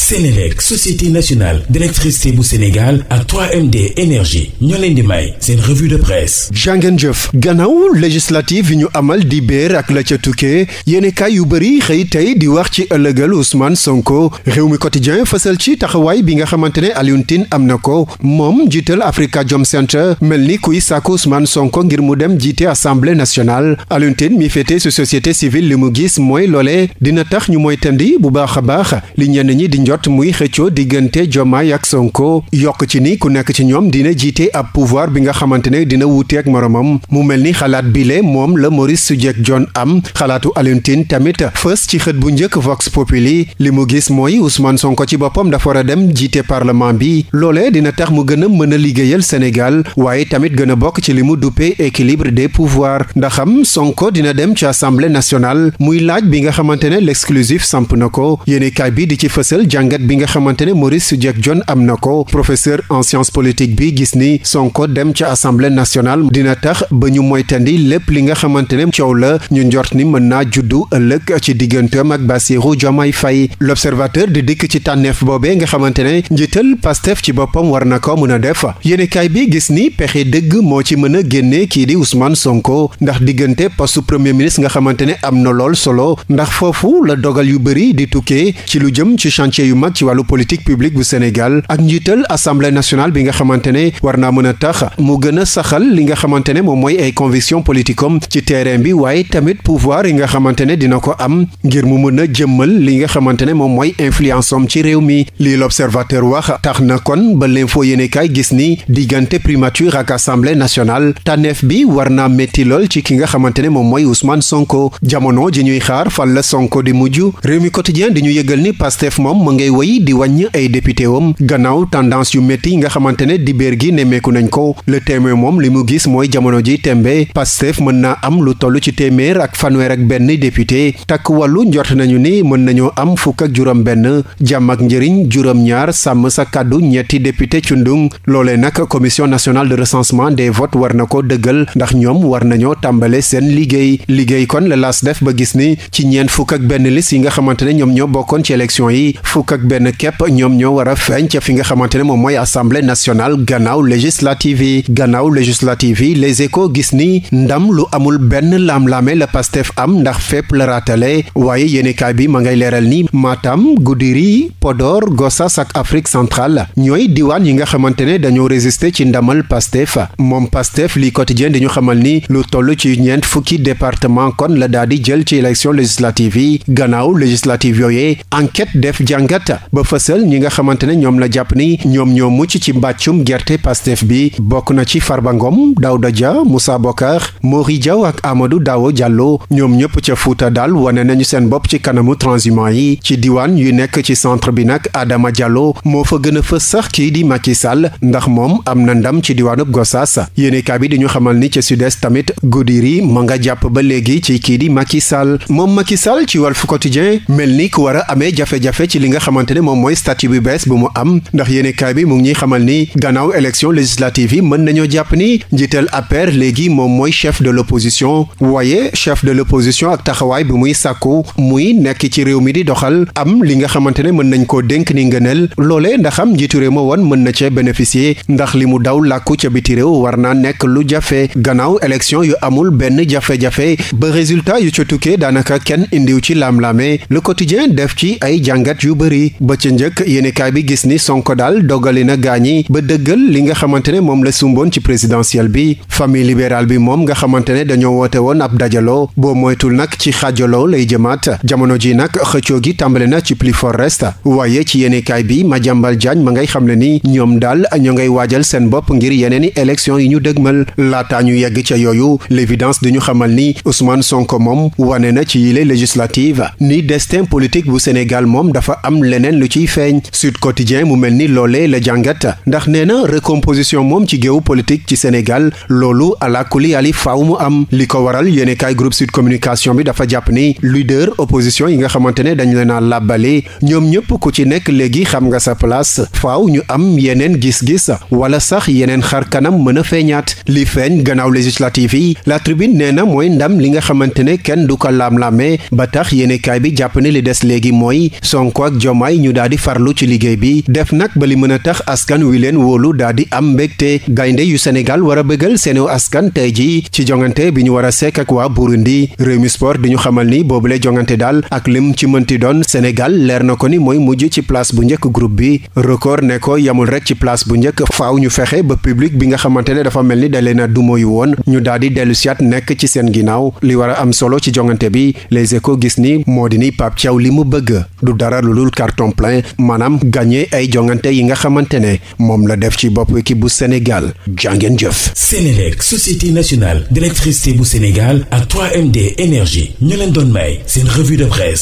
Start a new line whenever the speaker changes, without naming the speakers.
Sénélec société nationale d'électricité bu Sénégal ak 3MD énergie ñoo leen di may seen de presse. jàngeen jëf gannaaw législative yi ñu amal di béer ak la ca tukkee yéenekaay yu bëri xëy tey di wax ci ëllëgal Ousmane Sonko réew mi quotidien fësal ci taxawaay bi nga xamante ne Alioune am na ko moom jiital Africa Jom Center mel ni kuy sàkku Ousmane Sonko ngir mu dem jiite assemblée nationale Alioune Tine mi féete su société civile li mu gis mooy loole dina tax ñu mooy tandi bu baax a baax li ñenn ñi di jot muy xëccoo diggante Jomaay ak Sonko yokk ci ni ku nekk ci ñoom dina jiite ab pouvoir bi nga xamante ne dina wuute ak moromam mu mel ni xalaat bile moom la Maurice Soudieck Dione am xalaatu Alioune Tine tamit fës ci xët bu njëkk Vox Populi li mu gis mooy Ousmane Sonko ci boppam dafa war a dem jiite parlement bi loole dina tax mu gën a mën a liggéeyal Sénégal waaye tamit gën a bokk ci li mu duppee équilibre des pouvoirs ndaxam Sonko dina dem ci assemblée nationale muy laaj bi nga xamante ne l'exclusif samp na ko yéene ci fësal jàngat bi nga xamante ne Maurice Jack John am na ko professeur en science politique bi gis ni Sonko dem ca assemblée nationale dina tax ba ñu moytandi lépp li nga xamante ne coow la ñu njort ni mën naa juddu ëllëg ci digganteem ak Bassirou Diomaye Faye l'observateur di dikk ci tànneef boobe nga xamante ne njiital Pastef ci boppam war na ko mën a def yéenekaay bi gis ni pexe dégg moo ci mën a génnee kii di Ousmane Sonko ndax diggante postu premier ministre nga xamante ne am na lool solo ndax chantier yu mag ci wàllu politique publique bu Sénégal ak njiital assemblée nationale bi nga xamante ne war naa mën a tax mu gën a saxal li nga xamante ne moom mooy ay conviction politikom ci terrain bi waaye tamit pouvoir yi nga xamante ne dina ko am ngir mu mën a jëmmal li nga xamante ne moom mooy influence am ci réew mi lii l'observateur wax tax na kon ba yenee yéenekaay gis ni diggante primature ak assemblée nationale tànneef bi war naa métti lool ci ki nga xamante ne moom mooy Ousmane Sonko jamono ji ñuy xaar fan la Sonko di mujj réew mi quotidien di ma ngay woy di wàññi ay député wam gannaaw tendance yu métti nga xamante ne dibéer gi nemmeeku nañ ko le témoin moom li mu gis mooy jamono ji tembe Pastef mën na am lu toll ci téeméer ak fanweer ak benn député takk wallu njort nañu ni mën nañoo am fukk ak juróom benn jàmm ak njëriñ juróom-ñaar sàmm sa kàddu ñetti député cundung loolee nag commission national de recensement des vote war na ko dëggal ndax ñoom war nañoo tàmbale seen liggéey liggéey kon la def ba gis ni ci ñeent fukk ak benn liste yi nga xamante ne ñoom ñoo bokkoon ci yi fukk ak benn képp ñoom ñoo war a feeñ ca ne moom mooy assemblée nationale gannaaw législative yi gannaaw législative yi les échos gis ni ndam lu amul benn laam-laame la pastef am ndax fépp la raatale waaye yéenekaay bi ma ngay leeral ni Matam Goudiri podoor Gossas ak Afrique centrale ñooy diwaan yi nga xamante ne dañoo résister ci ndamal fa moom pastef li quotidien dañu xamal ni lu toll ci ñeent fukki département kon la daal di jël ci élection législative yi gannaaw jàngat ba fësal ñi nga xamante ne ñoom la jàpp ni ñoom ñoo mucc ci mbàccum gerte pastef bi bokk na ci Farba Ngom Daouda Dia Moussa Bokar Mori Diaw ak amadu Dawo jàlloo ñoom ñëpp ca Fuuta daal wane nañu seen bopp ci kanamu transhumant yi ci diwaan yu nekk ci centre bi nag Adama Diallo moo fa gën a fës sax kii di Macky Sall ndax moom am na ndam ci diwaanub Gossas yéenekaay bi dañu xamal ni ca sud-est tamit Goudiri ma nga jàpp ba léegi ci kii di Macky Sall moom Macky Sall ci Walf Quotidien mel ni ku war a amee jafe ci li nga xamante ne moom mooy statut bi bees bu mu am ndax yéene kaay bi mu ngi ñuy xamal ni gannaaw élection législative yi mën nañoo jàpp ni njiital APR léegi moom mooy chef de l'opposition waaye chef de l'opposition ak taxawaay bi muy sàkku muy nekk ci réew mi di doxal am li nga xamante ne mën nañ koo dénk ni ngëneel loole ndaxam njiitu réew ma woon mën na cee bénéficier ndax li mu daw làkku ca biti réew war naa nekk lu jafe gannaaw élection yu amul benn jafe ba résultat yu ca tukkee daanaka kenn indiw ci laam-laame bëri ba ca njëkk yéenekaay bi gis ni Sonko daal dogali na gaañi ba dëggal li nga xamante ne moom la sumboon ci présidentielle bi famille libérale bi moom nga xamante ne dañoo woote woon ab dajaloo boo moytul nag ci xaajaloo lay jëmaat jamono ji nag xëccoo gi tàmbali na ci plus fort reste waaye ci yéenekaay bi ma Madiambal Diagne ma ngay xam ne ni ñoom daal ñu ngay waajal seen bopp ngir yeneeni élection yi ñu dëgmal laata ñu yegg ca yooyu l'évidence di ñu xamal ni Ousmane Sonko moom wane na ci yile bu Sénégal am leneen lu ciy feeñ Sud Quotidien mu mel ni loolee la jàngat ndax nee na recomposition moom ci géew politique ci Sénégal loolu alakuli ali faaw mu am li ko waral yéene kaay groupe Sud Communication bi dafa jàpp ni lu leader opposition yi nga xamante ne dañ leen a làbbali ñoom ñëpp ku ci nekk léegi xam nga sa place faaw ñu am yeneen gis-gis wala sax yeneen xar kanam mën a feeñaat li feeñ gannaaw législative yi la tribune nee na mooy ndam li nga xamante ne kenn du ko laam-laamee ba tax yéene bi jàpp ne li des léegi mooy Diomaye ñu daal di farlu ci liggéey bi def nag ba li mën a tax askan wi leen woolu daal di am mbégte gaynde yu Sénégal war a bëggal seenu askan tey ji ci jongante bi ñu war a sekk ak waa Burundi Rewmi Sport di ñu xamal ni boobule jongante daal ak lim ci mënti doon Sénégal leer na ko ni mooy mujj ci place bu njëkk groupe bi record ne ko yamul rek ci place bu njëkk faaw ñu fexe ba public bi nga xamante ne dafa mel ni dalee na dumóoyu woon ñu daal di dellu nekk ci seen ginnaaw li war a am solo ci jongante bi les gis ni moo di ni li mu bëgg dul carton plein maanaam gagné ay jongante yi nga xamante ne moom la def ci bopp équipe bu Sénégal jàngeen jëf Sénélec société nationale d'électricité bu Sénégal ak 3MD énergie ñu leen doon may seen revue de presse